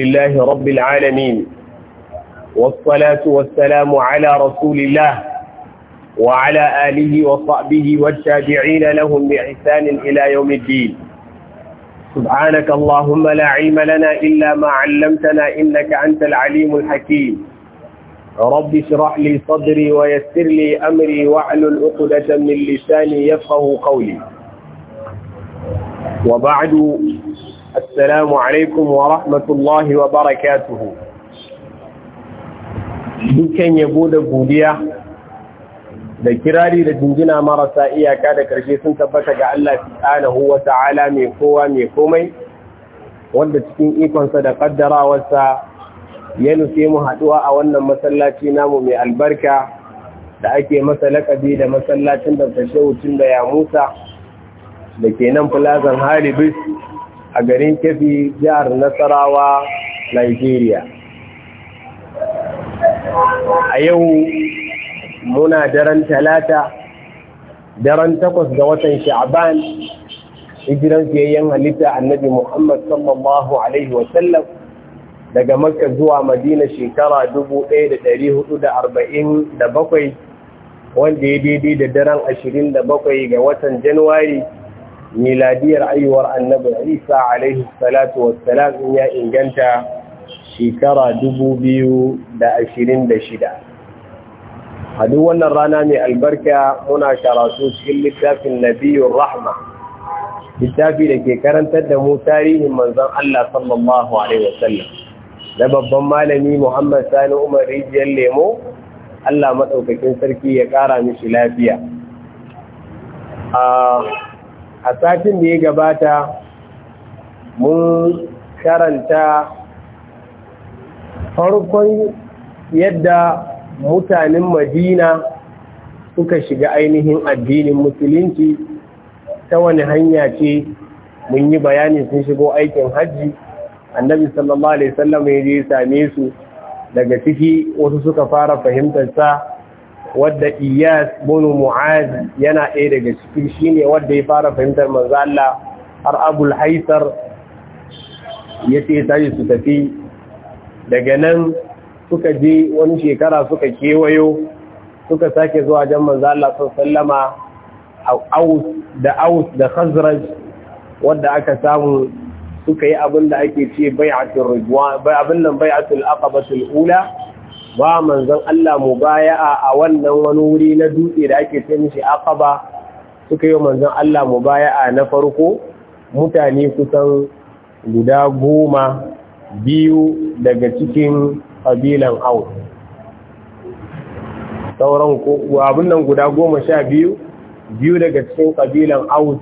لله رب العالمين والصلاة والسلام على رسول الله وعلى آله وصحبه والتابعين لهم بإحسان إلى يوم الدين سبحانك اللهم لا علم لنا إلا ما علمتنا إنك أنت العليم الحكيم رب اشرح لي صدري ويسر لي أمري واحلل عقدة من لساني يفقه قولي وبعد السلام عليكم ورحمة الله وبركاته dukkan yabo da godiya da kirari da jingina marasa iyaka da ƙarshe sun tabbata ga Allah subhanahu wa ta'ala mai kowa mai komai wanda cikin ikonsa da kaddarawarsa ya nufe mu haɗuwa a wannan masallaci namu mai albarka da ake masa lakabi da masallacin da ta shehu da ya musa da ke nan filazan halibis a garin kefi jihar nasarawa nigeria a yau muna daren talata daren takwas ga watan Sha'aban, hijiran siyayyen halitta annabi muhammad sallallahu alaihi wasallam daga makka zuwa madina shekara bakwai, wanda ya daidai da daren ashirin da ga watan januwari miladiyar aiwar annabi isa alaihi salatu wassalam in ya inganta shekara dubu biyu da ashirin da shida a duk wannan rana mai albarka muna karatu cikin littafin nabiyun rahma littafi da ke karantar da mu tarihin manzon Allah sallallahu alaihi wasallam da babban malami Muhammad Sani Umar Rijiyar Lemo Allah maɗaukakin sarki ya ƙara mishi lafiya a satin da ya gabata mun karanta farkon yadda mutanen madina suka shiga ainihin addinin musulunci ta wani hanya ce mun yi bayani sun shigo aikin hajji annabi sallallahu alaihi wasallam ya je same su daga ciki wasu suka fara fahimtar sa wadda Iyas bunu Mu'az yana ɗaya daga cikin shine wadda ya fara fahimtar manzo Allah har Abul Haisar yace tayi su tafi daga nan suka je wani shekara suka kewayo suka sake zuwa jan manzo Allah sallama aus da aus da khazraj wadda aka samu suka yi abin ake ce bai'atul ridwan bai abin nan bai'atul aqabatul ula ba manzon Allah mu baya a wannan wani wuri na dutse da ake ce mishi aqaba suka yi manzon Allah mu a na farko mutane kusan guda goma biyu daga cikin kabilan au sauran abin nan guda goma sha biyu biyu daga cikin kabilan au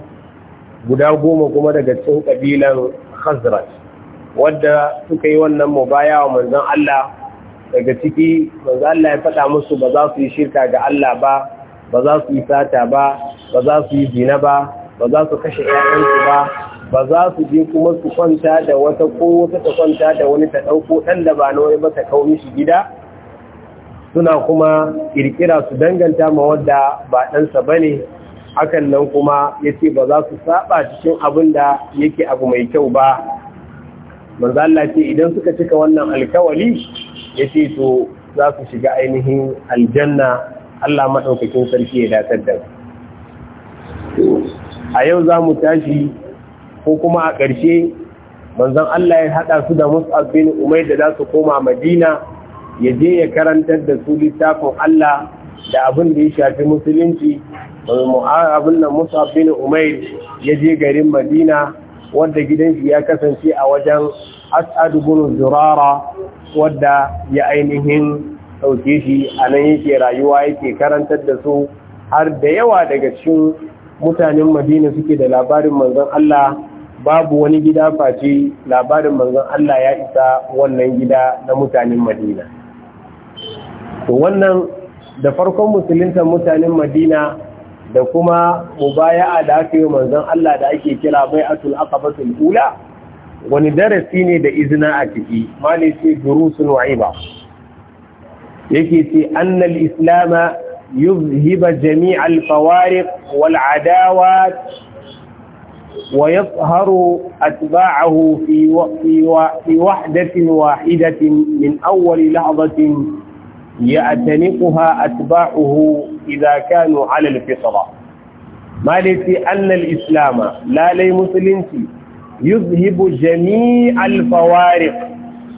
guda goma kuma daga cikin kabilan khazraj wadda suka yi wannan mubaya'a manzon Allah daga ciki ba za Allah ya faɗa musu ba za su yi shirka ga Allah ba ba za su yi sata ba ba za su yi zina ba ba za su kashe ƴaƴansu ba ba za su je kuma su kwanta da wata ko wata ta kwanta da wani ta ɗauko ɗan da ba na wani ba ta kawo mishi gida suna kuma ƙirƙira su danganta ma wadda ba ɗansa ba ne hakan nan kuma ya ce ba za su saba cikin abin da yake abu mai kyau ba manzo Allah ce idan suka cika wannan alkawali yace to za su shiga ainihin aljanna Allah madaukakin sarki ya datar da a yau za mu tashi ko kuma a ƙarshe manzon Allah ya haɗa su da Mus'ab bin Umayr da za su koma Madina ya je ya karantar da su littafin Allah da abin da ya shafi musulunci abin nan Mus'ab bin Umair ya je garin Madina wanda gidansu ya kasance a wajen as'adu ibn zurara wadda ya ainihin sauke shi a nan yake rayuwa yake karantar da su har da yawa daga cikin mutanen madina suke da labarin manzon Allah babu wani gida face labarin manzon Allah ya isa wannan gida na mutanen madina wannan da farkon musulunta mutanen madina da kuma mubaya'a da ake yi manzon Allah da ake kira bai'atul aqabatul ula wani darasi ne da izina a ciki mali ce durusun wa'iba yake ce annal islama yuzhiba jami'al fawariq wal adawat wa yadhharu atba'ahu fi waqti wa fi wahdatin wahidatin min awwal lahzatin ya'taniquha atba'uhu idza kanu ala al-fitra malati anna al-islam la lay musulunci yuzhibu jami' al-fawariq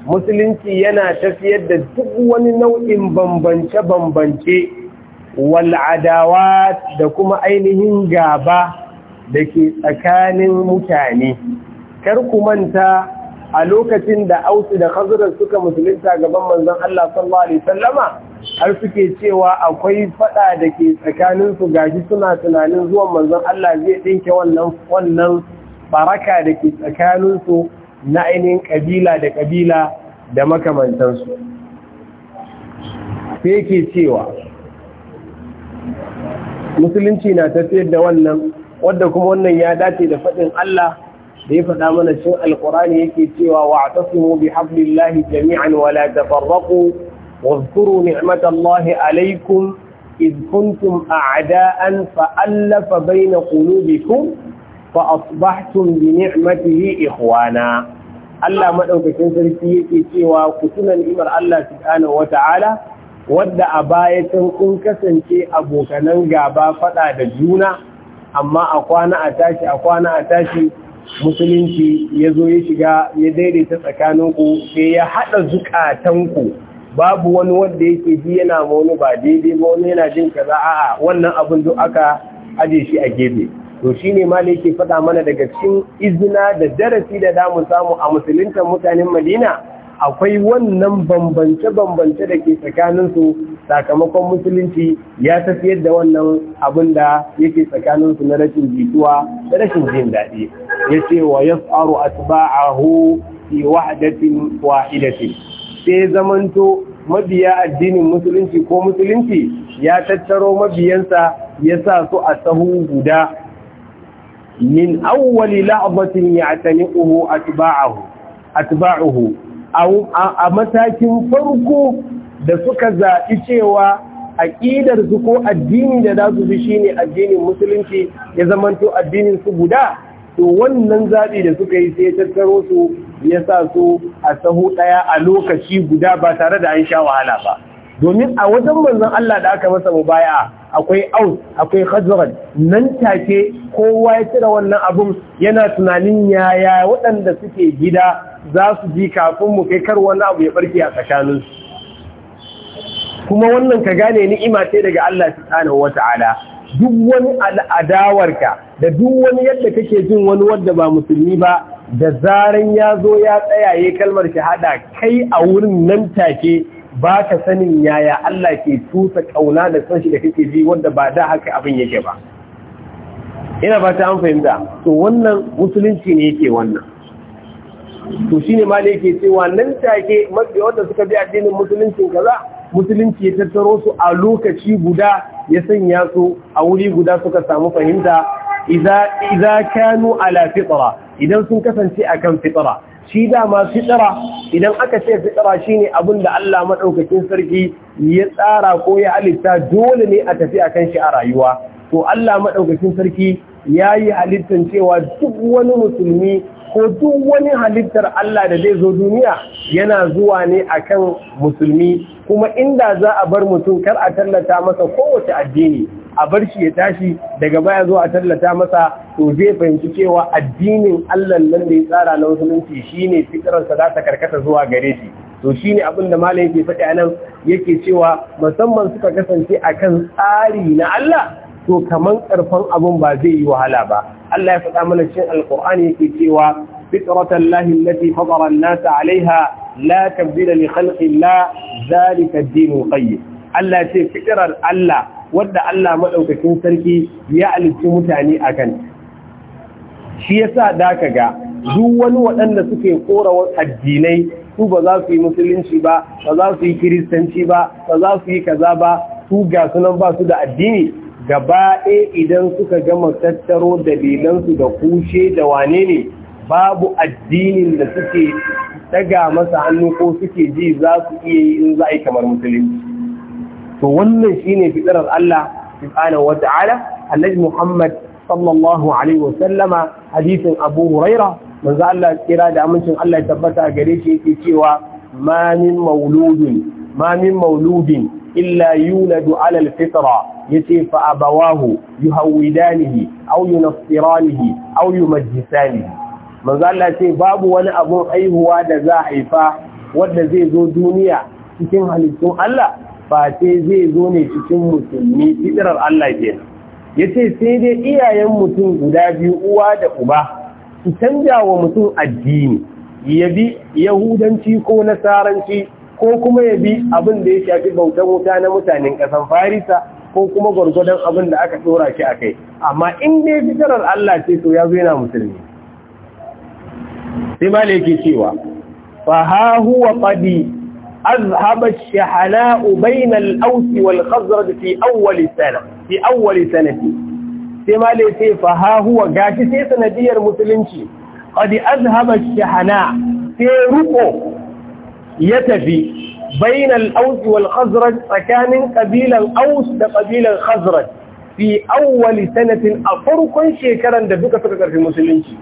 musulunci yana tafiyar da duk wani nau'in bambance bambance wal'adawa da kuma ainihin gaba da ke tsakanin mutane kar ku manta a lokacin da ausu da khazraj suka musulunta gaban manzon Allah sallallahu alaihi wasallama har suke cewa akwai fada da ke tsakaninsu gashi suna tunanin zuwan manzon Allah zai ɗinke wannan wannan baraka da ke tsakaninsu na ainihin ƙabila da ƙabila da makamantansu sai ke cewa musulunci na tafiyar da wannan wadda kuma wannan ya dace da faɗin Allah da ya faɗa mana cin alkurani yake cewa wa a bi hablillahi jami'an wala tafarraku واذكروا نعمة الله عليكم إذ كنتم أعداء فألف بين قلوبكم فأصبحتم بنعمته إخوانا Allah maɗaukakin sarki yake cewa ku tuna ni'imar Allah subhanahu wata'ala wadda a baya can kun kasance abokanan gaba faɗa da juna amma a kwana a tashi a kwana a tashi musulunci ya zo ya shiga ya daidaita tsakaninku sai ya haɗa zukatanku babu wani wanda yake ji yana ma ba daidai ba wani yana jin kaza a'a wannan abin duk aka aje shi a gefe to shine ma yake faɗa mana daga cikin izina da darasi da damu samu a musulunta mutanen Madina akwai wannan bambance-bambance da ke tsakaninsu sakamakon musulunci ya tafiyar da wannan abin da yake tsakaninsu na rashin jituwa da rashin jin daɗi ya ce wa ya tsaro a fi wahdatin wahidatin sai zamanto mabiya addinin musulunci ko musulunci ya tattaro mabiyansa ya sa su a sahu guda min awwali la'abatin ya tani'uhu atba'uhu a matakin farko da suka zaɓi cewa aƙidarsu ko addini da za su bi shine addinin musulunci ya zamanto addinin su guda to wannan zaɓi da suka yi sai tattaro su ya sa su a sahu ɗaya a lokaci guda ba tare da an sha wahala ba domin a wajen manzon Allah da aka masa mubaya akwai aus akwai khazraj nan take kowa ya cire wannan abun yana tunanin yaya waɗanda suke gida za su ji kafin mu kai kar wani abu ya barke a tsakanin kuma wannan ka gane ni'ima ce daga Allah subhanahu wata'ala duk wani al'adawarka da duk wani yadda kake jin wani wadda ba musulmi ba da zaran ya zo ya tsayaye kalmar shahada kai a wurin nan take ba ka sanin yaya Allah ke tusa kauna da son shi da kake ji wanda ba da haka abin yake ba ina ba ta an fahimta to wannan musulunci ne yake wannan to shine ma da yake cewa nan take mafi wanda suka bi addinin musuluncin kaza musulunci ya tattaro su a lokaci guda ya sanya su a wuri guda suka samu fahimta idza kanu ala fitra idan sun kasance akan fitra shi dama fitra idan aka ce fitra shine abin da Allah madaukakin sarki ya tsara ko ya halitta dole ne a tafi akan shi a rayuwa to Allah madaukakin sarki yayi halittan cewa duk wani musulmi ko duk wani halittar Allah da zai zo duniya yana zuwa ne akan musulmi kuma inda za a bar mutum kar a tallata masa kowace addini a bar shi ya tashi daga baya zuwa a tallata masa to zai fahimci cewa addinin Allah nan da ya tsara na musulunci shine fitrarsa za ta karkata zuwa gare shi to shine abin da malam ke faɗi a nan yake cewa musamman suka kasance akan tsari na Allah to kaman karfan abun ba zai yi wahala ba Allah ya faɗa mana cikin alqur'ani yake cewa fitratan lahi allati fatara an-nas 'alayha la tabdila li khalqi la zalika ad-dinul qayyim Allah ce fitrar Allah wadda Allah madaukakin sarki ya alici mutane akan shi yasa da ka ga duk wani waɗanda suke korawar addinai su ba za su yi musulunci ba ba za su yi kiristanci ba ba za su yi kaza ba su ga sunan ba su da addini gaba ɗaya idan suka gama tattaro dalilansu da kushe da wane ne babu addinin da suke daga masa hannu ko suke ji za su iya yi in za a yi kamar musulunci to wannan shine fitarar Allah subhanahu wata'ala annabi Muhammad sallallahu alaihi wa sallama hadisin Abu Huraira manzo Allah kira da amincin Allah ya tabbata gare shi yake cewa ma min mauludin ma mauludin illa yuladu ala alfitra yace fa abawahu yuhawidanihi aw yunfiranihi aw yumajjisanihi manzo Allah ce babu wani abun haihuwa da za haifa wanda zai zo duniya cikin halittun Allah ba sai zai zo ne cikin musulmi fitrar Allah ke yace sai dai iyayen mutum guda biyu uwa da uba su canja wa mutum addini ya bi yahudanci ko nasaranci ko kuma ya bi abin da ya shafi bautan wuta na mutanen ƙasan farisa ko kuma gwargwadon abin da aka tsora shi a kai amma in fi fitarar Allah ce to ya zo yana musulmi sai mala yake cewa fa ha huwa qadi azhaba shahala'u bayna wal-khazraj fi awwal sana fi awwal sanati sai mala fa ha gashi sai sanadiyar musulunci qadi azhaba ash-shahana sai ruko ya tafi bainal aus wal khazraj tsakanin kabilan aus da kabilan khazraj fi awwali sanatin a farkon shekaran da duka suka karfi musulunci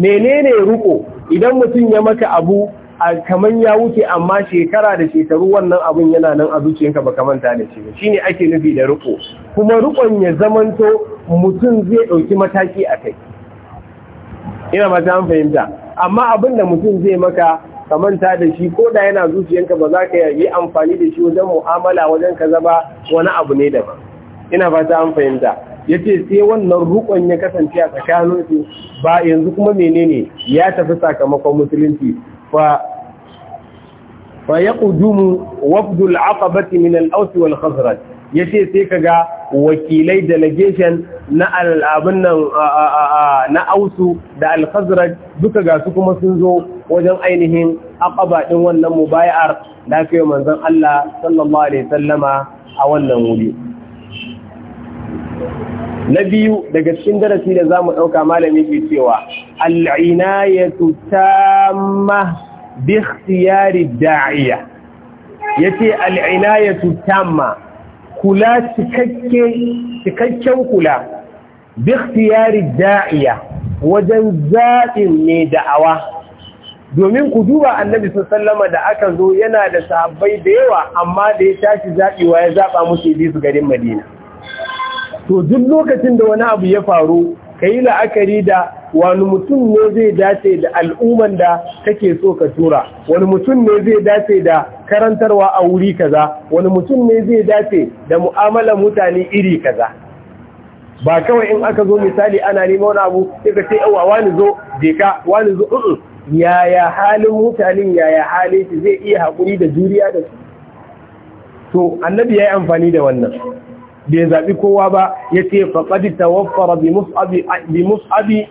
menene ruko idan mutum ya maka abu a kamar ya wuce amma shekara da shekaru wannan abun yana nan a zuciyarka ba manta da shi shine ake nufi da riko kuma rikon ya zamanto mutum zai dauki mataki a kai ina mata ta fahimta amma abin da mutum zai maka ka manta da shi ko da yana zuciyanka ba za ka yi amfani da shi wajen mu'amala wajen kaza ba wani abu ne daban ina ta an fahimta ce sai wannan rukon ya kasance a tsakanin ba yanzu kuma menene ya tafi sakamakon musulunci fa ƙudu mu wafdul aqabati min al wal khazrat ya ce sai ka ga wakilai delegation na al'abin nan na ausu da alfazirar duka ga su kuma sun zo wajen ainihin akaba ɗin wannan mubayar da aka yi manzan Allah sallallahu Alaihi sallama a wannan wuri. Na biyu daga cikin darasi da za mu ɗauka malami ke cewa, Al'ina ya tuta ma bi da'iya, ya ce al'ina ya tuta ma kula cikakke cikakken kula bi ikhtiyari da'iya wajen zaɓin mai da'awa domin ku duba annabi sallama da aka zo yana da sahabbai da yawa amma da ya tashi zaɓewa ya zaɓa musu ibisu garin madina to duk lokacin da wani abu ya faru ka yi la'akari da wani mutum ne zai dace da al'umman da kake so ka tura wani mutum ne zai dace da karantarwa a wuri kaza wani mutum ne zai dace da mu'amalar mutane iri kaza ba kawai in aka zo misali ana neman wani abu sai ka ce yawa wani zo deka wani zo uh, uh yaya halin mutanen yaya halin shi zai iya haƙuri da juriya da su to annabi ya yi amfani da wannan bai zaɓi kowa ba ya ce faƙaɗi tawaffara bi mus'abi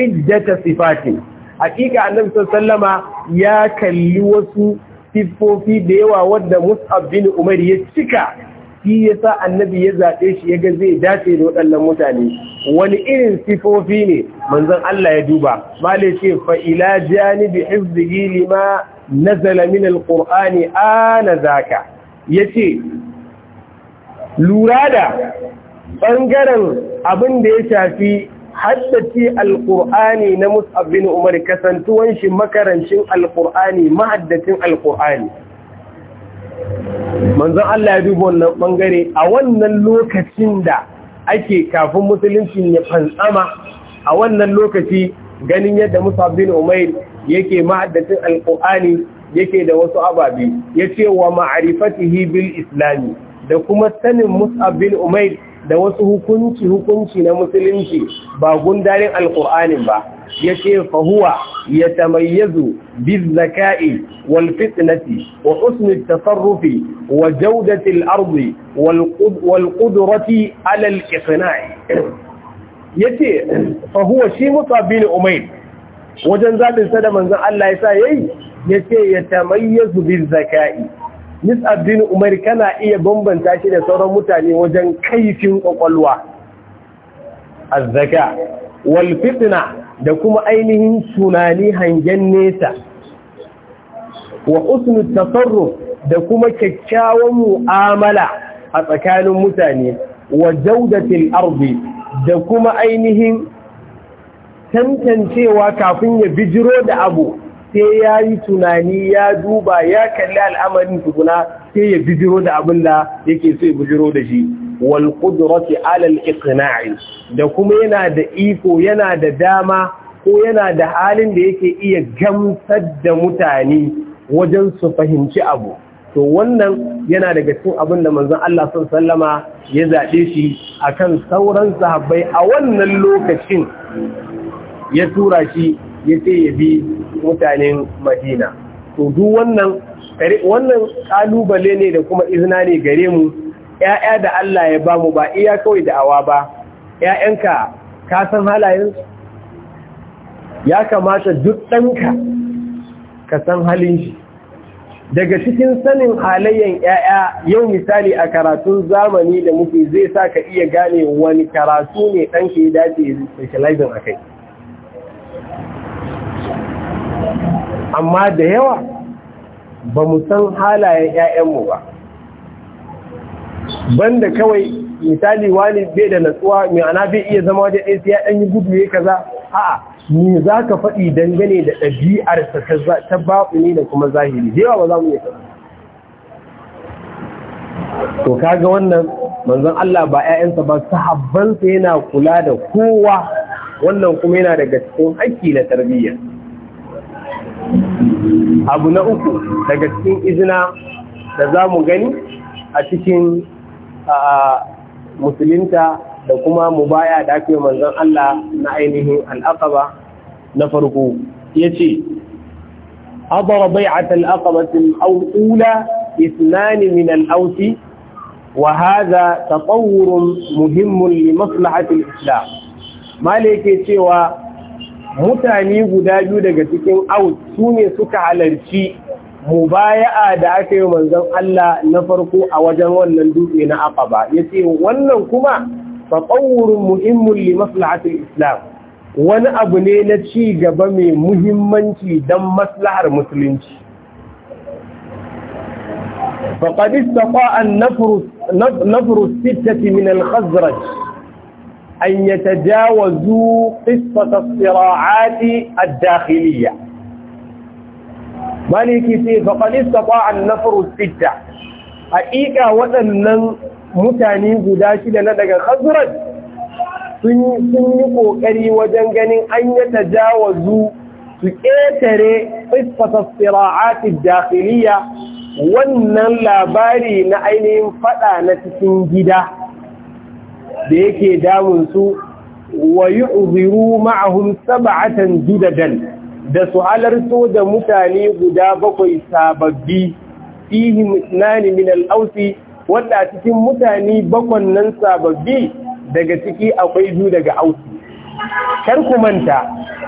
iddata sifati hakika annabi sallama ya kalli wasu sifofi da yawa wanda mus'ab bin umar ya cika shi yasa annabi ya zaɓe shi ya ga zai dace da waɗannan mutane wani irin sifofi ne manzon Allah ya duba male ce fa ila janibi hifzihi lima nazala min alqur'ani ana zaka yace lura da bangaren abin da ya shafi haddace alƙur'ani na mus'ab bin umar kasantuwan shi makarancin alƙur'ani mahaddacin alƙur'ani manzon Allah ya duba wannan bangare a wannan lokacin da ake kafin musulunci ya fantsama a wannan lokaci ganin yadda mus'ab bin umar yake mahaddacin alƙur'ani yake da wasu ababe ce wa ma'rifatihi bil islami da kuma sanin mus'ab bin umar da wasu hukunci hukunci na musulunci ba gundarin Alƙur'ani ba ya ce fahuwa ya tamayyazu bizzaka'i wal fitnati wa husni tasarrufi wa jaudati al-ardi wal qudrati ala al-iqna'i yace fahuwa shi musa bin wajen zabin sa da manzon Allah ya sa yayi yace ya tamayyazu bizzaka'i Nis'ad bin Umar kana iya bambanta shi da sauran mutane wajen kaifin kwakwalwa azzaka wal da kuma ainihin tunani hangen nesa wa usnu tasarruf da kuma kyakkyawan mu'amala a tsakanin mutane wa jawdatil ardi da kuma ainihin tantancewa kafin ya bijiro da abu sai ya yi tunani ya duba ya kalli al'amarin tukuna sai ya bijiro da abin da yake so ya bijiro da shi wal qudrati ala iqna'i da kuma yana da iko yana da dama ko yana da halin da yake iya gamsar da mutane wajen su fahimci abu to wannan yana daga cikin abin da manzon Allah sallama ya zaɓe shi a kan sauran sahabbai a wannan lokacin ya tura shi ya ce ya bi mutanen madina to duk wannan wannan kalubale ne da kuma izina ne gare mu ‘ya'ya da Allah ya ba mu ba iya kawai da awa ba ‘ya'yanka ka san halayen ya kamata duk ɗanka ka san halin shi daga cikin sanin halayen ‘ya'ya yau misali a karatun zamani da muke zai sa ka iya gane wani karatu ne ɗanka ya dace da a akai. amma da yawa ba mu san halayen 'ya'yanmu ba banda kawai misali wani bai da natsuwa mai ana bai iya zama wajen ɗaya sai ya ɗan yi gudu ya kaza a'a ni za ka faɗi dangane da ɗabi'arsa ta ne da kuma zahiri da yawa ba za mu yi to kaga wannan manzon Allah ba 'ya'yansa ba sahabbansa yana kula da kowa wannan kuma yana daga cikin haƙƙi na tarbiyya abu na uku daga cikin izina da za mu gani a cikin musulunta da kuma mu baya da ake manzon Allah na ainihin al'aqaba na farko ya ce. yace adara bai'at al'aqabati al-awla اثنان wa haza وهذا muhimmin مهم لمصلحة islam. ما yake cewa. mutane guda biyu daga cikin out su ne suka halarci mubaya'a da aka yi manzon Allah na farko a wajen wannan dutse na aqaba yace wannan kuma wurin muhimmin li maslahatil islam wani abu ne na ci gaba mai muhimmanci don maslahar musulunci faqad istaqa an nafru nafru sittati min khazraj أن يتجاوزوا قصة الصراعات الداخلية مالكي فقد استطاع النفر الستة حقيقة وأن mutane guda shida na daga khazraj sun yi ƙoƙari wajen ganin an yi tajawazu su ƙetare ƙisfata sira'atid dakhiliya wannan labari na ainihin faɗa na cikin gida da yake damun su wa yu'ziru ma'ahum sab'atan judadan da su halarto da mutane guda bakwai sababbi fihi ithnani min al wadda cikin mutane bakwan nan sababbi daga ciki akwai du daga ausi kar ku manta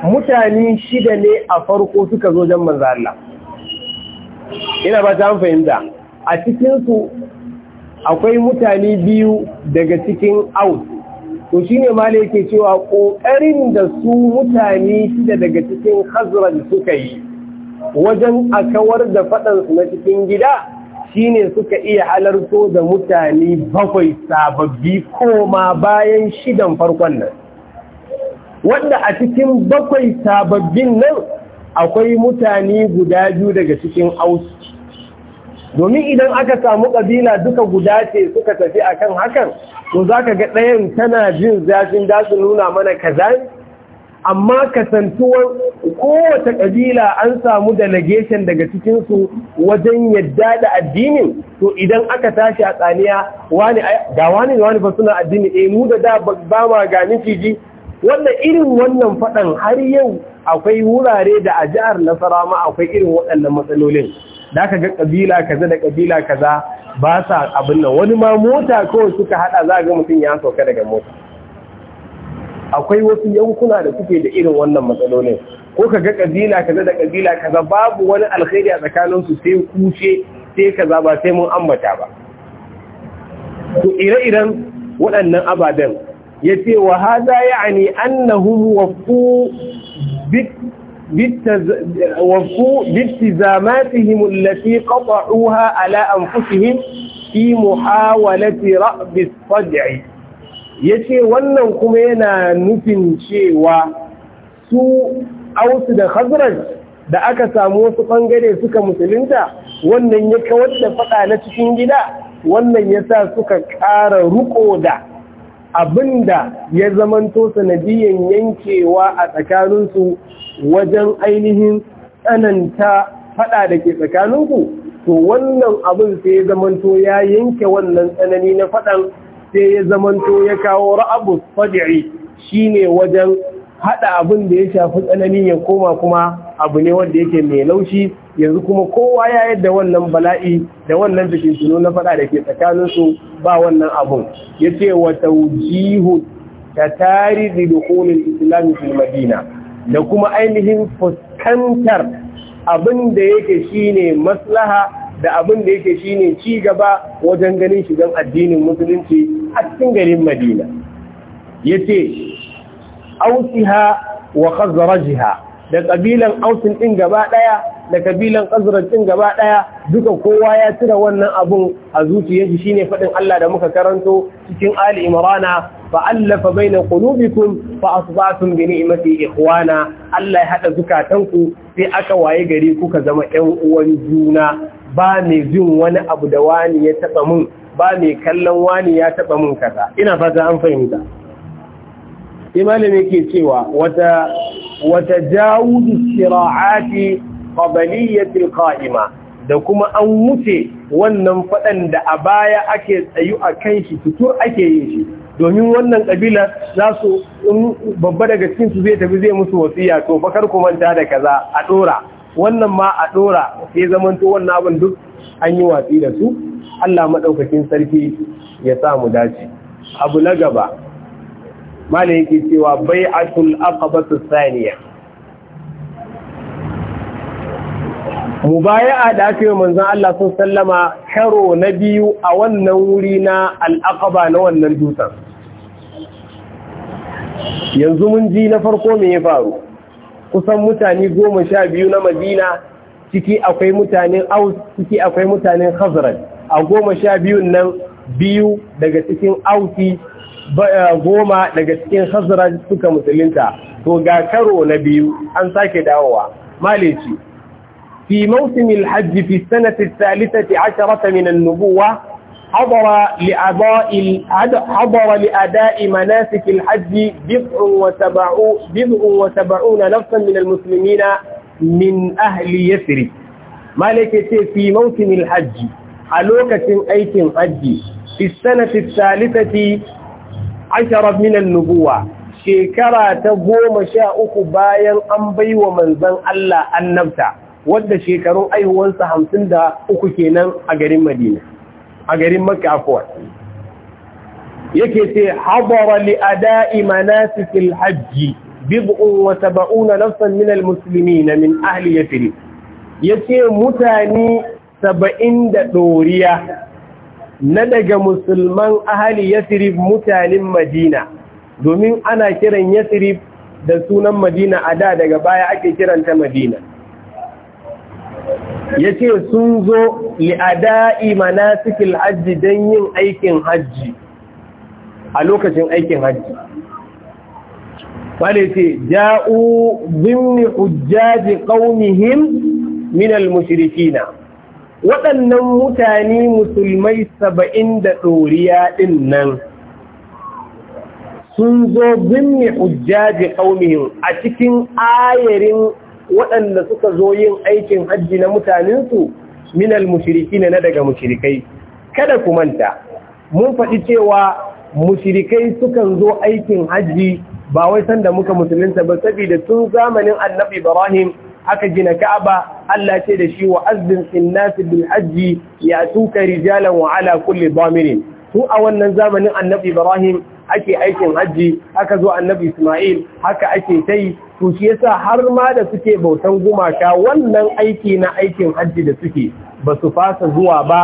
mutane shida ne a farko suka zo don manzo Allah ina ba ta fahimta a cikin akwai mutane biyu daga cikin out to shine mala yake cewa ƙoƙarin da su mutane shida daga cikin hazran suka yi wajen akawar kawar da faɗansu na cikin gida shine suka iya halarto da mutane bakwai sababbi koma bayan shidan farkon nan wanda a cikin bakwai sababbin nan akwai mutane guda biyu daga cikin ausu domin idan aka samu ƙabila duka guda ce suka tafi akan hakan to za ka ga ɗayan tana jin zafin za su nuna mana kaza amma kasantuwar kowace ƙabila an samu delegation daga cikinsu wajen yadda da addinin to idan aka tashi a tsaniya ga wani da wani fasunan addini eh mu da da ba ma ga ji wannan irin wannan faɗan har yau akwai wurare da a jihar nasara ma akwai irin waɗannan matsalolin da ka ga ƙabila kaza da kabila kaza ba sa abin nan wani ma mota kawai suka hada za ga mutum ya sauka daga mota akwai wasu yankuna da suke da irin wannan matsalolin ko ka ga kabila kaza da kabila kaza babu wani alkhairi a tsakaninsu sai kuce sai kaza ba sai mun ambata ba to ire-iren waɗannan ababen ya ce wa haza ya annahum annahum wafu وفوا بالتزاماتهم التي قطعوها على أنفسهم في محاولة رأب الصدع yace wannan kuma yana nufin cewa su ausu da khazraj da aka samu wasu bangare suka musulunta wannan ya kawar da fada na cikin gida wannan yasa suka ƙara ruko da Abin da ya zamanto sanadiyan yankewa a tsakaninsu wajen ainihin tsananta fada da ke tsakaninku to wannan abin sai ya zamanto ya yanke wannan tsanani na fadan sai ya zamanto ya kawo ra'abu fadi'i shine wajen haɗa abin da ya shafi tsanani ya koma kuma abu ne wanda yake mai laushi yanzu kuma kowa ya yadda wannan bala'i da wannan fitintunu na faɗa da ke tsakanin su ba wannan abun ya ce wa taujihu ta tarihi da islami islamic madina da kuma ainihin fuskantar abin da yake shine maslaha da abin da yake shine ci gaba wajen ganin shigan addinin musulunci a cikin garin madina ya ce ausiha wa jiha, da kabilan ausin ɗin gaba ɗaya, da kabilan khazraj ɗin gaba ɗaya, duka kowa ya cire wannan abun a zuciyar shi shine faɗin Allah da muka karanto cikin Ali Imrana fa allafa baina qulubikum fa asbatum bi ni'mati ikhwana Allah ya hada zukatanku sai aka waye gari kuka zama ƴan uwan juna ba mai jin wani abu da wani ya taba mun ba mai kallon wani ya taba mun kaza ina fata an fahimta imalim yake cewa wata wata jawudu sira'ati qabliyatil qa'ima da kuma an wuce wannan fadan da a baya ake tsayu a kan shi fitur ake yin shi domin wannan kabila za su babba daga cikin su zai tafi zai musu wasiya to bakar ku manta da kaza a dora wannan ma a dora sai zamanto wannan abin duk an yi watsi da su Allah madaukakin sarki ya samu dace abu na gaba malin yake cewa bai'atul aqabatu thaniya mubaya'a da aka yi manzon Allah sun sallama karo na biyu a wannan wuri na al'aqaba na wannan dutsen yanzu mun ji na farko me ya faru kusan mutane goma sha biyu na madina ciki akwai mutanen aus ciki akwai mutanen khazraj a goma sha biyun nan biyu daga cikin auti goma daga cikin khazraj suka musulunta to ga karo na biyu an sake dawowa malici في موسم الحج في السنة الثالثة عشرة من النبوة حضر لأداء حضر لأداء مناسك الحج بضع وسبعون بضع وسبعون نفسا من المسلمين من أهل يثرب مالك في موسم الحج حلوكة أيت حج في السنة الثالثة ashara min an-nubuwa shekara ta goma sha uku bayan an bai wa manzan Allah annabta wadda shekarun aihuwansa hamsin da uku kenan a garin Madina a garin Makka yake ce habara li ada'i manasikil hajji bid'un wa sab'una nafsan musulmi almuslimin min ahli ya yathrib yace mutane saba'in da ɗoriya na daga musulman ahali yasirif mutanen madina domin ana kiran yasirif da sunan madina a da daga baya ake kiran ta madina ya ce sun zo li'ada'i sikil hajji don yin aikin hajji a lokacin aikin hajji wale ce ja'u zimni hujjaji ƙaunihim minal mushrikina waɗannan mutane musulmai saba'in da ɗoriya ɗin nan sun zo binne hujjaji ƙaunihin a cikin ayarin waɗanda suka zo yin aikin hajji na mutanensu minal mushiriki na daga mushirikai kada ku manta mun faɗi cewa mushirikai sukan zo aikin hajji ba wai sanda muka musulunta ba saboda tun zamanin annabi ibrahim aka gina Ka'aba Allah ce da shi wa azdin sinnas bil hajji ya tuka rijalan wa ala kulli damirin tun a wannan zamanin annabi Ibrahim ake aikin hajji aka zo annabi Ismail haka ake tai to shi yasa har ma da suke bautan gumaka wannan aiki na aikin hajji da suke ba su fasa zuwa ba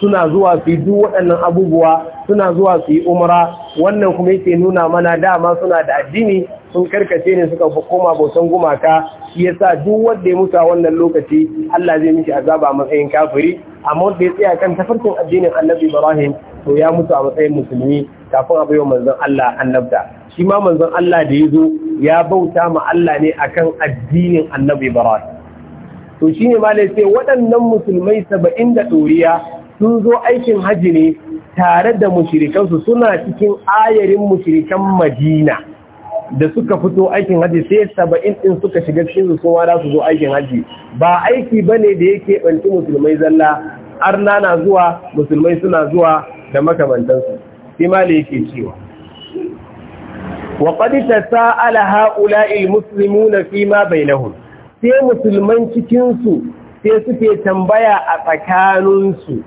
suna zuwa su yi duk waɗannan abubuwa suna zuwa su yi umra wannan kuma yake nuna mana dama suna da addini sun karkace ne suka koma bautan gumaka shi yasa duk wanda ya mutu a wannan lokaci Allah zai mishi azaba a matsayin kafiri amma wanda ya tsaya kan tafarkin addinin Annabi Ibrahim to ya mutu a matsayin musulmi kafin a baiwa manzon Allah annabta shi ma manzon Allah da ya zo ya bauta ma Allah ne akan addinin Annabi Ibrahim to shine ma sai waɗannan musulmai saba'in da ɗoriya sun zo aikin hajji ne tare da mushirikansu suna cikin ayarin mushirikan Madina da suka fito aikin haji sai saba'in din suka shiga cikin su kowa za su zo aikin haji ba aiki ba ne da yake banci musulmai zalla arna na zuwa musulmai suna zuwa da makamantansu sai mali yake cewa wa qad tasa'ala ha'ula'i muslimuna bai bainahum sai musulman cikin sai suke tambaya a tsakaninsu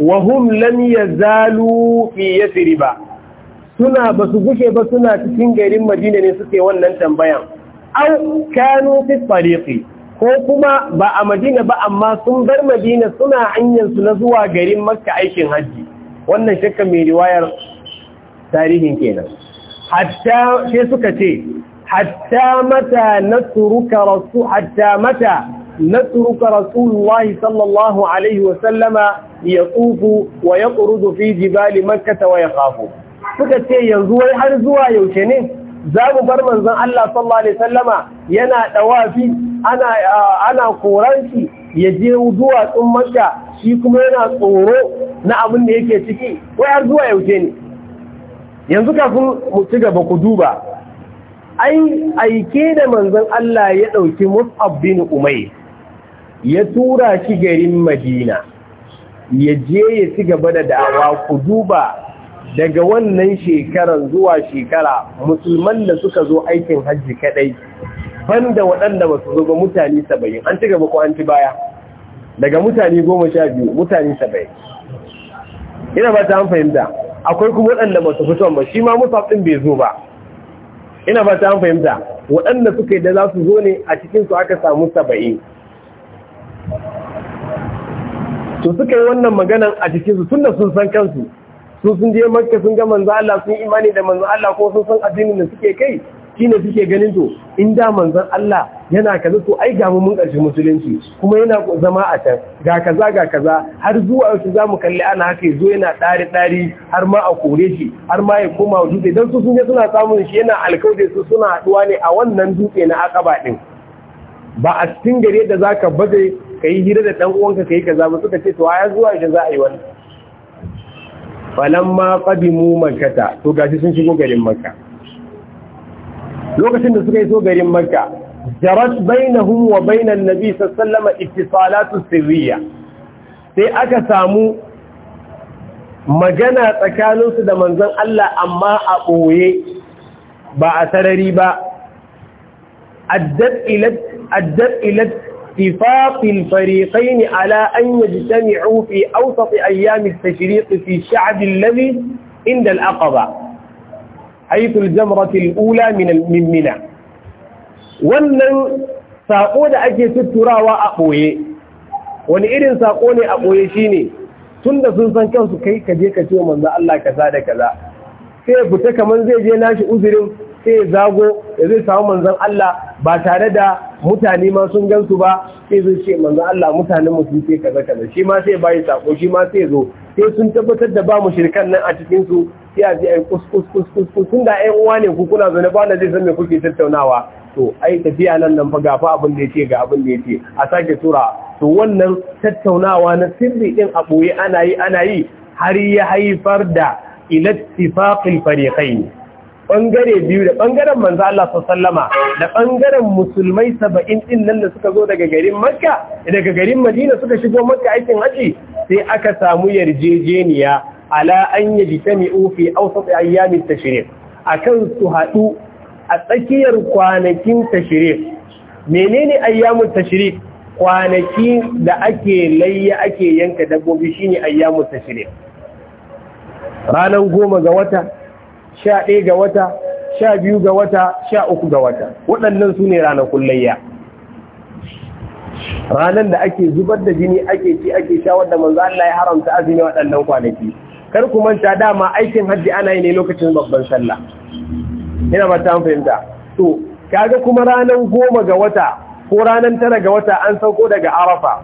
wa hum lam yazalu fi yasriba suna ba su gushe ba suna cikin garin madina ne suke wannan tambayan au kanu fi fariƙi. ko kuma ba a madina ba amma sun bar madina suna hanyar su na zuwa garin makka aikin hajji wannan shakka mai riwayar tarihin kenan hatta suka ce hatta mata natruka rasu hatta mata natruka rasulullahi sallallahu alaihi wa sallama yaqufu wa yaqrudu fi jibali makkah wa yakhafu suka ce yanzu wai har zuwa yaushe ne za mu bar manzon Allah sallallahu alaihi wasallama yana dawafi ana ana koranci ya je zuwa tsun Makka shi kuma yana tsoro na abin da yake ciki wai har zuwa yaushe ne yanzu kafin mu ci gaba ku duba ai aike da manzon Allah ya dauki Mus'ab bin Umay ya tura shi garin Madina ya je ya ci gaba da da'awa ku duba daga wannan shekaran zuwa shekara musulman da suka zo aikin hajji kadai banda waɗanda ba su zo ba mutane saba'in an ci gaba ko an ci baya daga mutane goma sha biyu mutane 70 ina ba ta fahimta akwai kuma waɗanda ba su fito ba shi ma musaf bai zo ba ina ba ta fahimta waɗanda suka yi da za su zo ne a cikinsu aka samu saba'in to suka yi wannan maganan a cikinsu su tunda sun san kansu su sun je makka sun ga manzo Allah sun imani da manzo Allah ko sun san addinin da suke kai shine suke ganin to in da manzon Allah yana kaza to ai ga mun karshe musulunci kuma yana zama a can ga kaza ga kaza har zuwa su za mu kalli ana haka zo yana dare dari har ma a kore shi har ma ya koma dutse dan su sun je suna samun shi yana alkaude su suna haduwa ne a wannan dutse na akaba din ba a cikin gare da zaka baje kai hira da dan uwanka kai kaza ba suka ce to ai zuwa shi za a yi wannan falamma qadimu makkata to gashi sun shigo garin makka lokacin da suka yi so garin maka jarat bainahum wa bainan nabi sallallahu ittisalatu sirriya sai aka samu magana tsakaninsu da manzon Allah amma a boye ba a sarari ba addat ilat اتفاق الفريقين على أن يجتمعوا في أوسط أيام التشريق في الشعب الذي عند الأقضى حيث الجمرة الأولى من المنة ومن ساقود أجي سترا وأقوي وان إذن ساقوني أقوي شيني تند سلسان كوسو كي كجيكا تيو منذ الله كذا كذا سيبتك منذ يجي ناشي أذرم sai ya zago da zai samu manzan Allah ba tare da mutane ma sun gansu ba sai zai ce manzan Allah mutanen mu sun ce kaza kaza shi ma sai bayi sako shi ma sai zo sai sun tabbatar da ba mu shirkan nan a cikin su sai a ji ai kus kus kus tun da ƴan uwa ne ku kuna zaune ba na zai san me kuke tattaunawa to ai tafiya nan nan fa ga fa abin da yake ga abin da yake a sake tura to wannan tattaunawa na sirri din a boye ana yi ana yi har ya haifar da ila ittifaqil fariqain bangare biyu da bangaren manzo Allah sallama da bangaren musulmai saba'in din nan da suka zo daga garin Makka daga garin Madina suka shigo Makka aikin haji sai aka samu yarjejeniya ala an yajtami'u fi awsat ayyamit tashrik akan su haɗu a tsakiyar kwanakin tashirif menene ayyamu tashirif kwanaki da ake layya ake yanka dabbobi shine ayyamu tashiri. ranar goma ga wata sha ɗaya ga wata sha biyu ga wata sha uku ga wata waɗannan su ne ranakun layya ranar da ake zubar da jini ake ci ake sha wadda manzo Allah ya haramta azumi waɗannan kwanaki kar ku manta dama aikin hajji ana yi ne lokacin babban sallah ina ba ta fahimta to kaga kuma ranar goma ga wata ko ranar tara ga wata an sauko daga arafa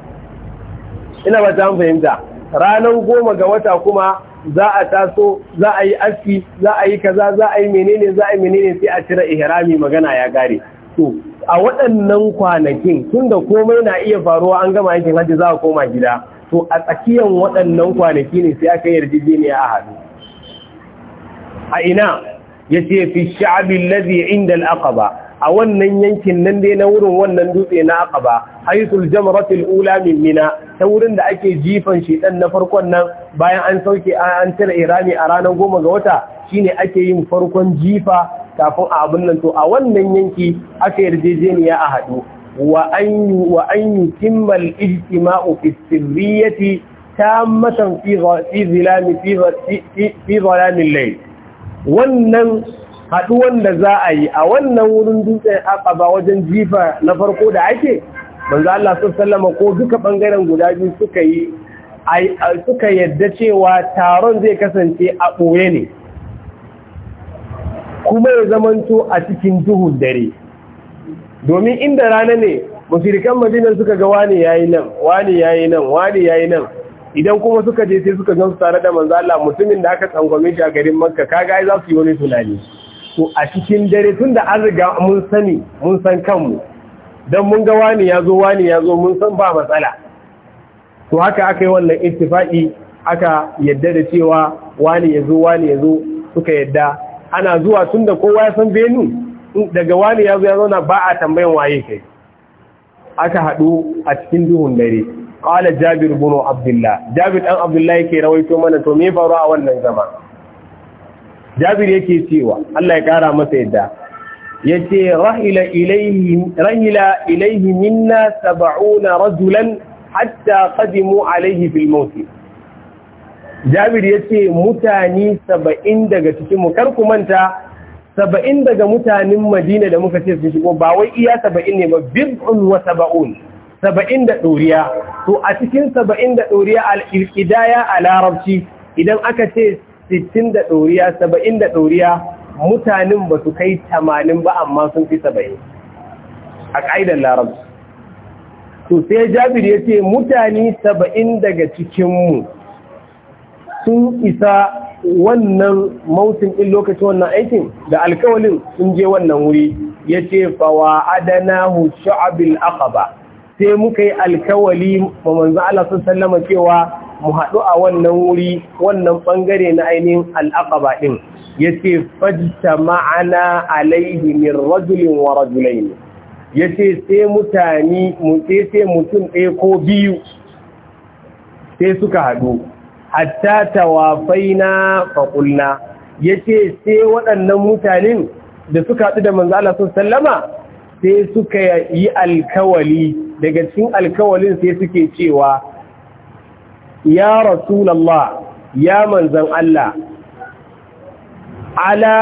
ina ba ta fahimta ranar goma ga wata kuma za a taso za a yi aski za a yi kaza za a yi menene za a yi menene sai a cire ihrami magana ya gare to a waɗannan kwanakin tunda komai na iya faruwa an gama aikin hajji za a koma gida to a tsakiyar waɗannan kwanaki ne sai aka yarjejeniya a hadu a ina ya ce fi sha'abin allazi inda al'aka ba? a wannan yankin nan dai na wurin wannan dutse na aqaba haythul jamratul ula min mina ta wurin da ake jifan dan na farkon nan bayan an sauke an tira irami a ranar goma ga wata shine ake yin farkon jifa kafin a abin nan to a wannan yanki aka yarjejeniya a haɗu wa an wa an timmal ijtimau fi sirriyati tammatan fi fi zilami fi fi zalamin layl wannan haɗu da za a yi a wannan wurin dutsen aqaba wajen jifa na farko da ake manzo Allah sallallahu ko duka bangaren guda biyu suka yi suka yadda cewa taron zai kasance a ɓoye ne kuma ya zamanto a cikin duhun dare domin inda rana ne mashirikan madinan suka ga wani yayi nan wani yayi nan wani yayi nan idan kuma suka je sai suka su tare da manzo mutumin da aka tsangwame shi a garin Makka kaga ai za su yi wani tunani to a cikin dare tun da an riga mun sani mun san kanmu don mun ga wani ya zo wani ya zo mun san ba matsala to haka aka yi wannan ittifaƙi aka yadda da cewa wani ya zo wani ya zo suka yadda ana zuwa tun da kowa ya san benu daga wani ya zo ya zauna ba a tambayan waye kai aka haɗu a cikin duhun dare ƙwala jabir bunu abdullah jabir dan abdullah yake rawaito mana to me faru a wannan zama jabir yake cewa Allah ya kara masa yadda yace rahila ilayhi rahila ilayhi minna 70 rajulan hatta qadimu alayhi fil maut jabir yace mutane 70 daga cikin mu kar ku manta saba'in daga mutanen madina da muka ce sun shigo ba wai iya saba'in ne ba bid'un wa saba'un saba'in da ɗoriya to a cikin saba'in da ɗoriya al'ilƙidaya a larabci idan aka ce sittin da ɗoriya saba'in da ɗoriya mutanen ba su kai tamanin ba amma sun fi saba'in a ƙa'idar larabci to sai jabir ya ce mutane saba'in daga cikinmu sun isa wannan mautin ɗin lokacin wannan aikin da alkawalin sun je wannan wuri ya ce fawa adanahu aka aqaba sai muka yi alkawali ma manzan Allah sun sallama cewa mu haɗu a wannan wuri wannan ɓangare na ainihin al’aƙaba ɗin ya ce fajta ma'ana alaihi min rajulin wa ne. ya ce sai mutane sai mutum ɗaya ko biyu sai suka haɗu hatta tawafai na faƙulna ya ce sai waɗannan mutanen da suka haɗu da manzala sun sallama sai suka yi alkawali daga cikin alkawalin sai suke cewa ya rasulallah ya manzan Allah ala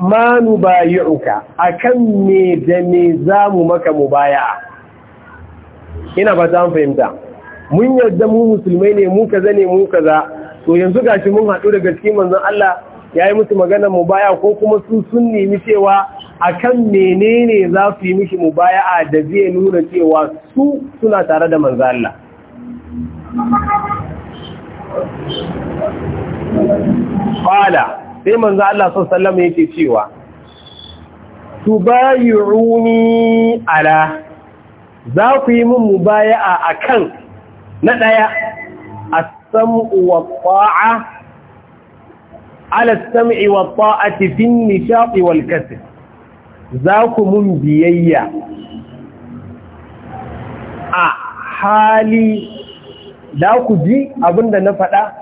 manu nubayi'uka akan me da me zamu maka mubaya ina ba ta fahimta mun yarda mu musulmai ne mu kaza ne mu kaza to yanzu gashi mun haɗu da cikin manzon Allah yayi musu magana mubaya ko kuma su sun nemi cewa akan menene za su yi mishi mubaya'a da zai nuna cewa su suna tare da manzon Allah Fala, sai manzo Allah sallama yake cewa, Tubayi'uni ala, za ku yi min baya a kan na ɗaya, a sam'u wa ala sam'i wa tifin nishaɗi wal kasi, za ku mun biyayya a hali za ku ji abin da na faɗa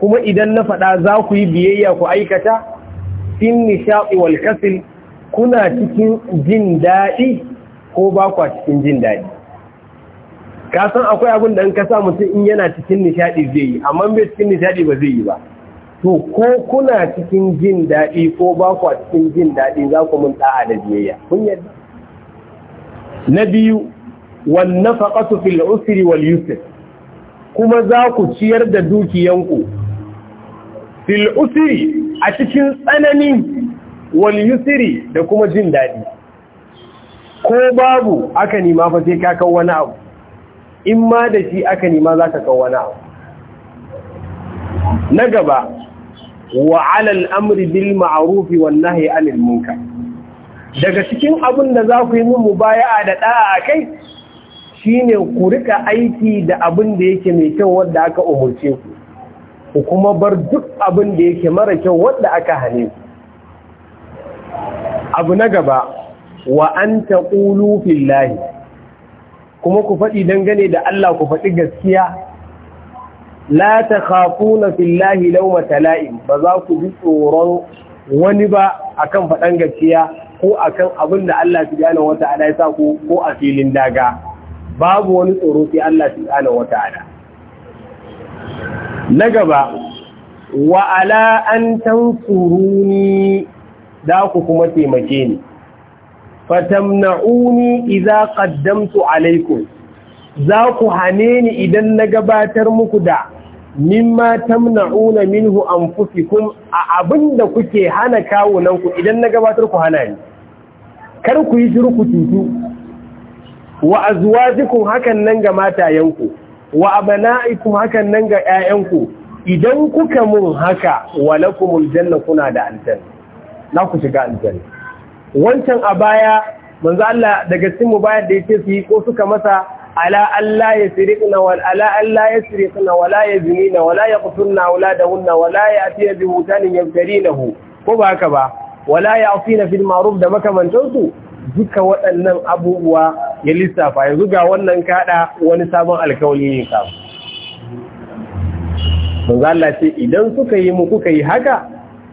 kuma idan na faɗa za ku yi biyayya ku aikata fin nishaɗi wal kasil kuna cikin jin daɗi ko ba kwa cikin jin daɗi ka san akwai abin da in ka sa mutum in yana cikin nishaɗi zai yi amma bai cikin nishaɗi ba zai yi ba to ko kuna cikin jin daɗi ko ba kwa cikin jin daɗi za ku mun ɗa'a da biyayya kun yadda na biyu wannan faƙasufin fil usri wal Yusuf. kuma za ku ciyar da dukiyanku fil usri a cikin tsanani wal yusri da kuma jin daɗi ko babu aka nima fa sai ka kawo wani abu in ma da shi aka nima za ka kawo wani abu na gaba wa alal amri bil ma'ruf wal nahyi anil munkar daga cikin abin da za ku yi min mubaya'a da da'a akai shine ku rika aiki da abin da yake mai kyau wadda aka umurce ku ku kuma bar duk abin da yake mara kyau wadda aka hane ku abu na gaba wa an ƙulu fillahi kuma ku faɗi dangane da Allah ku faɗi gaskiya la na fillahi lauma tala'in ba za ku ji tsoron wani ba akan faɗan gaskiya ko akan abin da Allah subhanahu gane ya sa ku ko a filin daga babu wani tsoro sai Allah wata wata'ala na gaba wa ala an tansuruni da ku kuma taimake ni fatamna'uni idza qaddamtu alaykum za ku hane ni idan na gabatar muku da mimma tamna'una minhu anfusikum a abinda kuke hana kawunanku idan na gabatar ku hana ni kar ku yi shirku tutu wa azwajikum hakan nan ga matayenku wa abana'ikum hakan nan ga ƴaƴanku idan kuka mun haka walakumul janna kuna da aljanna na ku shiga aljanna wancan a baya manzo Allah daga cikin mubayar da yake su yi ko suka masa ala Allah ya sirikna wal ala Allah ya wala yazinina wala yaqtulna auladahunna wala ya'tiya bi mutanin yabtarinahu ko ba haka ba wala ya'tina fil ma'ruf da makamantansu duka waɗannan abubuwa ya lissafa yanzu ga wannan kada wani sabon alkawali ne kamu manzo Allah ce idan suka yi mu kuka yi haka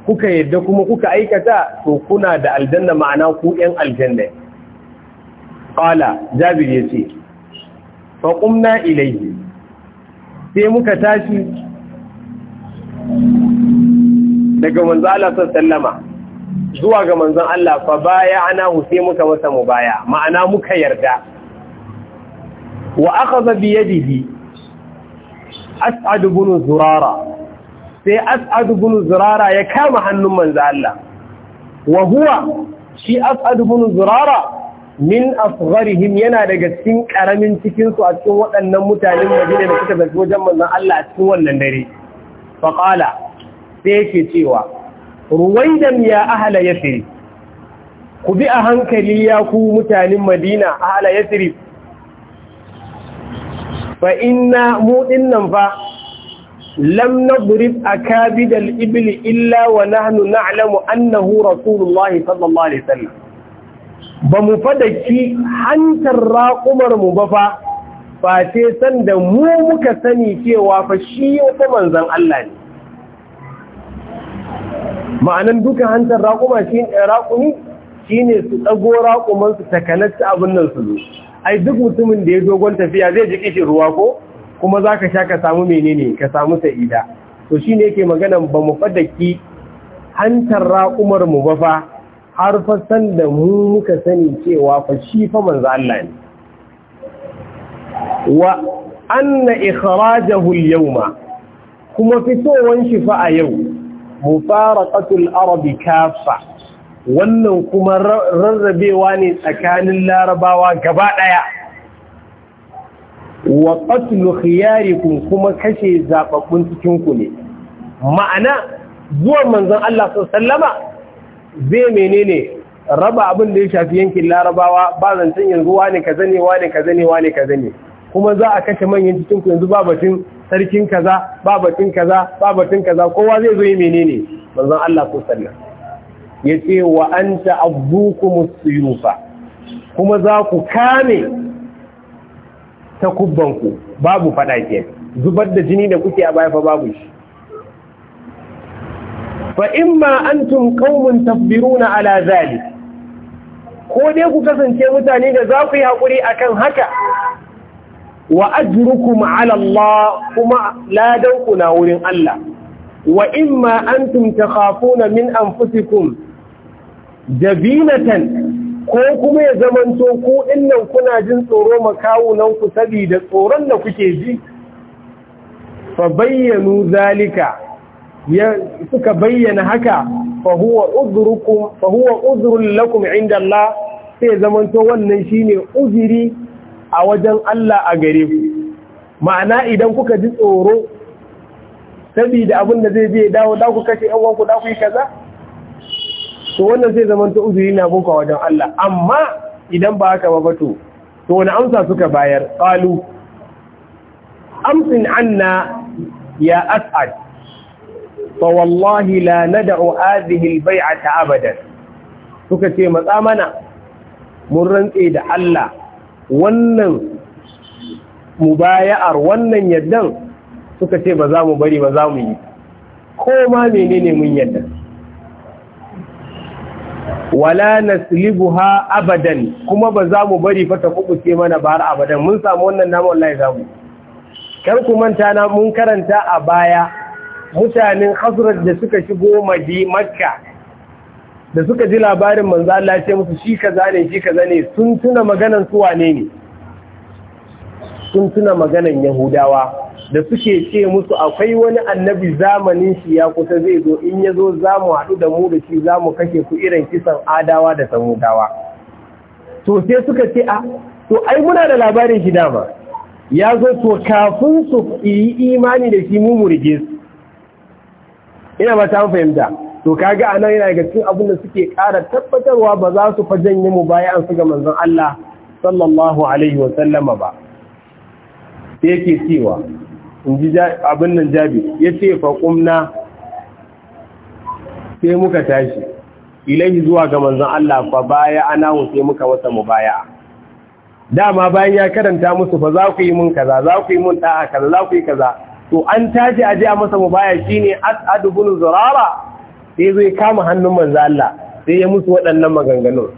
kuka yadda kuma kuka aikata to kuna da aljanna ma'ana ku yan aljanna qala jabir yace fa qumna ilayhi sai muka tashi daga manzo Allah sallama zuwa ga manzon Allah fa baya ana sai muka masa mubaya ma'ana muka yarda wa akhadha bi yadihi as'ad ibn zurara sai as'ad ibn zurara ya kama hannun manzon Allah wa huwa shi as'ad ibn zurara min asgharihim yana daga cikin karamin cikin su a cikin waɗannan mutanen Madina da suka zafi wajen manzon Allah a cikin wannan dare faqala sai yake cewa ruwaidan ya ahala yasrib ku bi a hankali ya ku mutanen madina ahala yasrib Ba inna mu dinnan fa lam nadrib akabidal ibli illa wa nahnu na'lamu annahu rasulullah sallallahu alaihi Sallam. ba mu ki hantar raƙumar mu ba fa san sanda mu muka sani cewa fa shi wata manzon Allah ne ma'anan duka hantar raƙuma shi ne eh, raƙumi ne su tsago raƙumansu su abin nan su ai duk mutumin da ya dogon tafiya zai ji kishin ruwa ko kuma za ka sha ka samu menene ka samu sa'ida to shi ne yake maganar ba mu ki hantar raƙumar mu ba fa har fa san da mu muka sani cewa fa shi fa manzo Allah ne wa anna ikhrajahu al-yawma kuma fitowan shi fa a yau mufaraqatul arabi kafa wannan kuma rarrabewa ne tsakanin larabawa gaba daya wa qatlu khiyarikum kuma kashe zababbun cikin ku ne ma'ana zuwa manzon Allah sallama zai menene raba abin da ya shafi yankin larabawa ba zancen yanzu wane kaza ne wane kaza ne wane kaza ne kuma za a kashe manyan cikin ku yanzu ba batun sarkin kaza babatin kaza babatin kaza kowa zai zo yi menene manzon Allah ko sallan yace wa anta abdukum suyufa kuma za ku kame kubbanku babu fada ke zubar da jini da kuke a baya fa babu shi fa imma antum qaumun tafbiruna ala zalik ko dai ku kasance mutane da za ku yi hakuri akan haka wa ajrukum ala Allah kuma ladanku na wurin Allah wa imma antum takhafuna min anfusikum jabinatan ko kuma ya zamanto ku innan kuna jin tsoro makawunan ku saboda tsoron da kuke ji fa bayyanu zalika ya suka bayyana haka fa huwa udrukum fa huwa udrul lakum inda Allah sai zamanto wannan shine uzuri a wajen Allah a gare ku ma'ana idan kuka ji tsoro saboda abin da zai je dawo da ku kashe yan wanku da ku yi kaza to wannan zai zama ta uzuri na bunka wajen Allah amma idan ba haka ba to to wani amsa suka bayar qalu amsin anna ya as'ad fa wallahi la nad'u hadhihi al a abadan suka ce matsa mana mun rantse da Allah wannan mubaya'ar wannan yaddan suka ce ba za mu bari ba za mu yi ko ma menene mun yadda wala naslibuha abadan kuma ba za mu bari fa ta kubuce mana ba har abadan mun samu wannan namu wallahi za mu kar ku manta na mun karanta a baya mutanen hasrat da suka shigo Madi Makka da suka ji labarin manzo Allah ya ce musu shi kaza ne shi kaza ne sun tuna maganan su wane ne sun tuna maganan Yahudawa da suke ce musu akwai wani annabi zamanin shi ya kusa zai zo in ya zo za mu haɗu da mu da shi za mu kashe ku irin kisan adawa da samudawa to sai suka ce a ah, to ai muna da labarin shi dama ya zo to kafin su yi imani da shi mu murje su ina ba ta fahimta to kaga anan yana daga cikin abin da suke ƙara tabbatarwa ba za su fa yi mu bayan su ga manzon Allah sallallahu alaihi wa sallama ba sai yake cewa in ji abin nan jabi yace fa kumna sai muka tashi ilahi zuwa ga manzon Allah fa baya ana sai muka wata baya. dama bayan ya karanta musu fa za ku yi mun kaza za ku yi mun da'a kaza za ku yi kaza to an taji aje a masa mubaya shine as'adu ibn zurara sai zai kama hannun manzo Allah sai ya musu waɗannan maganganun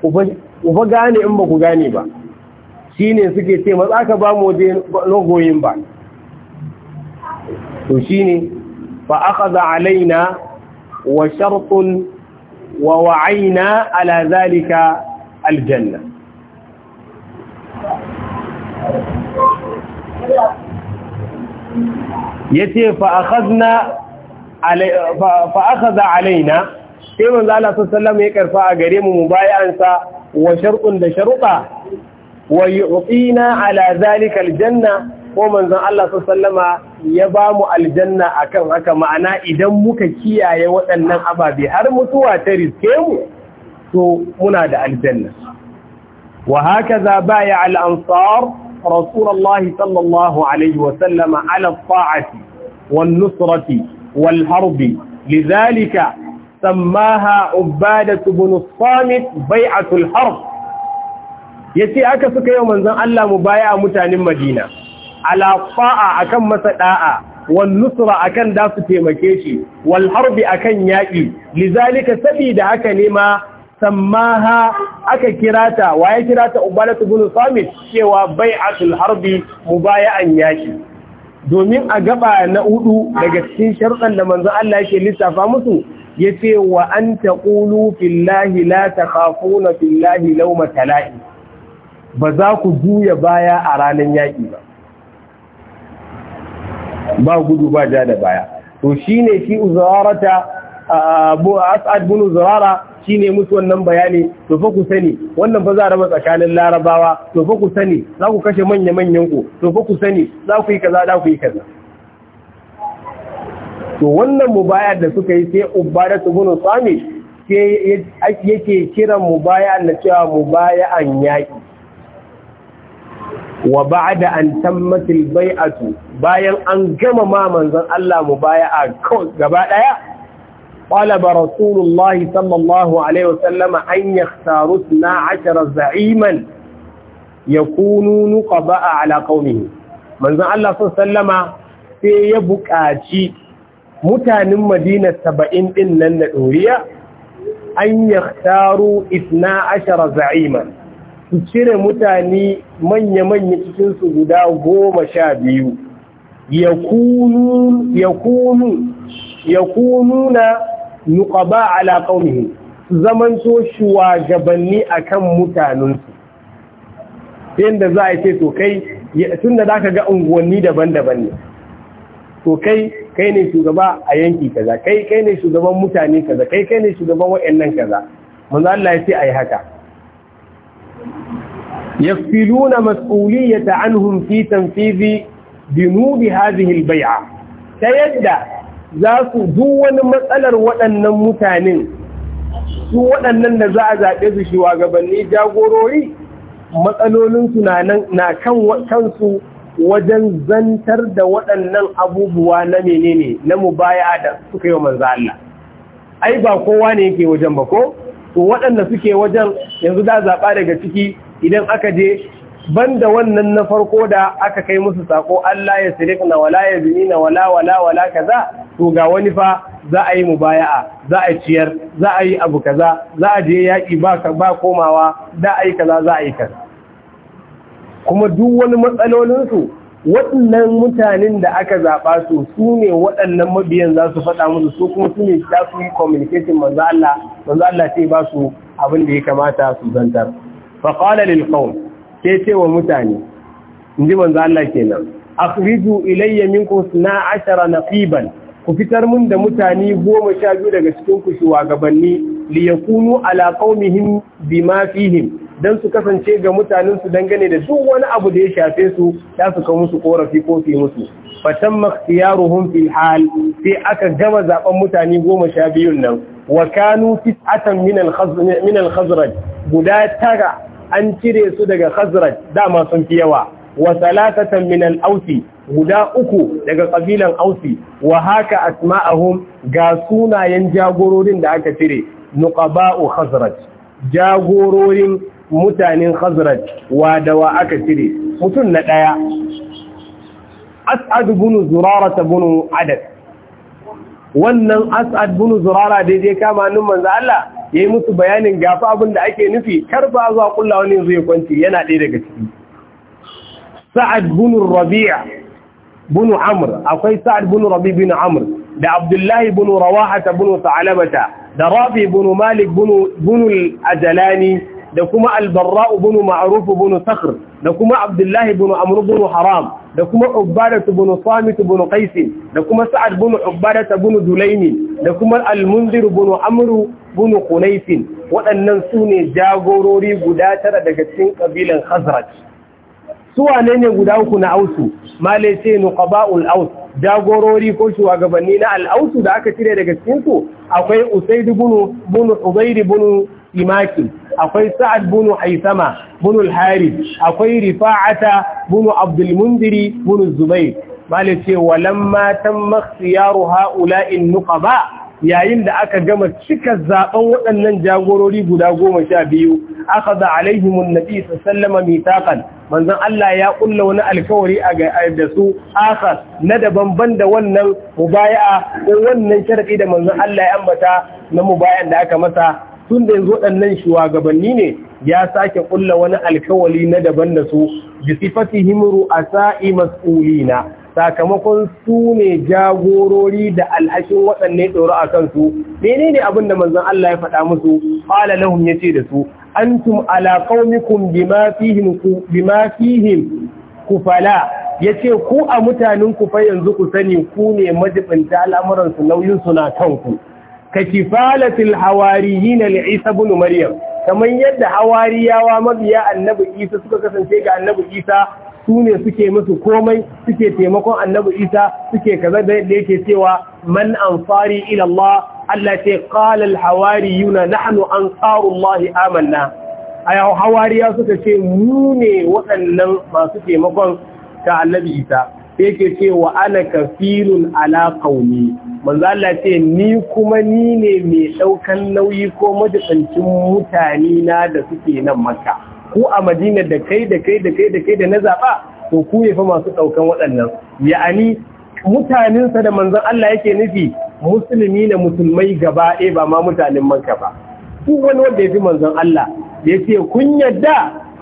ku ba gane in ba ku gane ba shine suke ce matsa ka ba mu waje logoyin ba to shine fa akhadha alaina wa shartun wa wa'ayna ala zalika aljanna yace fa akhadna fa akhadha alaina sai manzo Allah sallama ya karfa a gare mu mubayansa wa shar'un da sharuda wa yu'tina ala zalika aljanna ko manzon Allah sallama ya ba mu aljanna akan haka ma'ana idan muka kiyaye waɗannan ababe har mutuwa ta riske mu to muna da aljanna wa hakaza baya Al'ansar? Rasulallah sallallahu alaihi wa ala ta'ati wan nusrati والحرب لذلك سماها عبادة بن الصامت بيعة الحرب yace aka suka yau manzon Allah mu baya mutanen Madina ala akan masa da'a wal nusra akan da su taimake shi Walharbi akan yaƙi, lizalika sabida haka ne ma sammaha aka kirata waye kirata ubadatu bin samit cewa bai'atul harbi mubaya'an yaki domin a gaba na hudu daga cikin sharuɗan da manzo Allah yake lissafa musu yace wa an taqulu fillahi la takhafuna fillahi lawma tala'i ba za ku juya baya a ranar yaƙi ba ba gudu ba ja da baya to shine shi uzarata abu as'ad bin uzara Shi ne musu wannan bayani to fa ku sani wannan fa za a raba tsakanin larabawa to fa ku sani za ku kashe manya manyan ku to fa ku sani za ku yi kaza za ku yi kaza to wannan mubaya da suka yi sai ubada ibn sami sai yake kiran mubaya na cewa an yaki wa ba'da an tammatil bai'atu bayan an gama ma manzon Allah mubaya'a gaba daya طلب رسول الله صلى الله عليه وسلم أن يختاروا 12 زعيما يكونوا نقباء على قومه manzon Allah sun sallama sai ya buƙaci mutanen Madina saba'in ɗin nan na ɗoriya an ya taru isna ashara su cire mutane manya-manya cikinsu guda goma sha biyu ya nuqaba ala qaumihi zamanto shuwagabanni akan mutanensu Inda za a ce to kai tun da zaka ga unguwanni daban-daban ne to kai kai ne shugaba a yanki kaza kai kai ne shugaban mutane kaza kai kai ne shugaban wayannan kaza manzo Allah ya ce ai haka yafiluna mas'uliyata anhum fi tanfizi binubi hadhihi al-bai'a ta yadda za su duk wani matsalar waɗannan mutanen su waɗannan da za a zaɓe su gabanni jagorori matsalolinsu na kan kansu wajen zantar da waɗannan abubuwa na menene na mubaya da suka yi manza Allah ai ba kowa ne yake wajen ba ko to waɗanda suke wajen yanzu da zaɓa daga ciki idan aka je ban da wannan na farko da aka kai musu sako Allah ya sirikna wala ya na wala wala wala kaza to ga wani fa za a yi mubaya'a za a ciyar za a yi abu kaza za a je yaki ba komawa da a kaza za a yi kaza kuma duk wani matsalolinsu waɗannan mutanen da aka zaɓa su su ne waɗannan mabiyan za su faɗa musu su kuma su ne za su yi communication manzo Allah manzo Allah sai ba su abin da ya kamata su zantar fa qala lil qawm ke ce wa mutane inji manzo Allah kenan akhriju ilayya minkum 12 naqiban ku fitar mun da mutane goma sha biyu daga cikin ku shugabanni li yakunu ala qaumihim bima fihim dan su kasance ga mutanen su dangane da duk wani abu da ya shafe su da su kawo musu korafi ko fi musu fatan makhtiyaruhum fil hal sai aka gama zaben mutane goma sha biyun nan wa kanu tis'atan min al min al guda tara an cire su daga khazraj dama sun fi yawa wa salatatan min al-ausi guda uku daga kabilan ausi wa haka asma'ahum ga sunayen jagororin da aka cire nuqaba'u khazraj jagororin mutanen khazraj wa da wa aka cire mutum na daya as'ad ibn zurara ibn adad wannan as'ad ibn zurara daidai kama nan manzo Allah yayi musu bayanin gafa abin da ake nufi kar ba zuwa kullawa ne zai kwanci yana ɗaya daga ciki sa'ad bin rabi'a amr akwai sa'ad bin rabi bin amr da abdullahi bin rawahata bin sa'alabata da rafi bin malik bin ajalani da kuma albarra bin Ma'arufu bin sakhr da kuma abdullahi bin amr bin haram da kuma ubbadatu bin samit bin qais da kuma sa'ad bin ubbadata bin Dulaini da kuma al-munzir amru amr bin qunais waɗannan sune jagorori guda tara daga cikin kabilan hazrat su wane ne guda uku na ausu male ce nuqaba'ul aus jagorori ko shugabanni na al'ausu da aka cire daga cikin su akwai usaid ibn ibn uzayd ibn imaki akwai sa'ad ibn haisama ibn al-harith akwai rifa'ata ibn abdul mundiri ibn zubayr male ce walamma tamma in ha'ula'in nuqaba yayin da aka gama cika zaben waɗannan jagorori guda goma sha biyu aka za alaihimun nabi sallama mitakan manzon Allah ya ƙulla wani alkawari a da su aka na daban ban da wannan mubaya'a ko wannan sharadi da manzan Allah ya ambata na mubayan da aka masa tun da yanzu waɗannan shugabanni ne ya sake ƙulla wani alkawari na daban da su bi sifatihim ru'asa mas'ulina sakamakon su ne jagorori da alhakin waɗanne tsoro a kansu mene ne abin da manzon Allah ya faɗa musu ƙwala lahum ce da su antum tum alaƙaunikun bima fihim bima fihim kufala yace ku a mutanen kufa yanzu ku sani ku ne majibinta al'amuran su nauyin suna kanku ka kifalatil hawariyin na Isa bin Maryam kamar yadda hawariyawa mabiya annabi Isa suka kasance ga annabi Isa su ne suke musu komai suke taimakon annabi isa suke kaza da yake cewa man ansari ila Allah Allah ce qala al hawariyuna nahnu ansaru Allah amanna ay hawariya suka ce mu ne waɗannan masu taimakon ta annabi isa yake ce wa ana kafilun ala qaumi manzo Allah ce ni kuma ni ne mai daukan nauyi ko majibancin mutane na da suke nan makka ku a madina da kai da kai da kai da kai da na zaɓa to ku ya fi masu ɗaukan waɗannan ya'ani mutanensa da manzon Allah yake nufi musulmi da musulmai gaba ɗaya ba ma mutanen manka ba Ku wani wanda ya fi manzon Allah ya ce kun yadda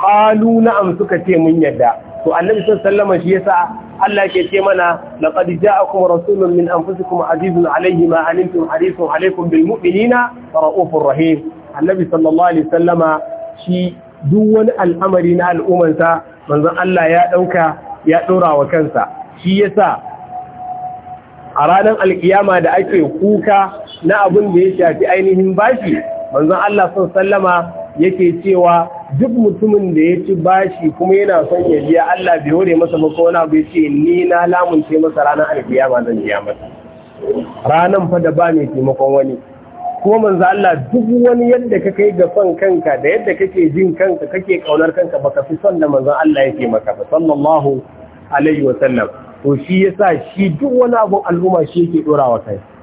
qalu na'am suka ce mun yadda to annabi sallallahu shi yasa Allah ke ce mana laqad ja'akum rasulun min anfusikum azizun alayhi ma antum harisun alaykum bil mu'minina raufur rahim annabi sallallahu alaihi wasallama shi duk wani al'amari na al'ummansa manzo Allah ya ɗauka ya ɗora wa kansa shi yasa a ranar alkiyama da ake kuka na abin da ya shafi ainihin bashi manzon Allah sun sallama yake cewa duk mutumin da ya ci bashi kuma yana son ya biya Allah bai hore masa ba ko abu ya ce ni na lamunce masa ranar alkiyama zan biya masa ranan fa da ba mai taimakon wani kuma manzo Allah duk wani yadda ka kai ga son kanka da yadda kake jin kanka kake kaunar kanka baka fi son da manzo Allah yake maka ba sallallahu alaihi wa sallam to shi yasa shi duk wani abun al'umma shi yake wa kai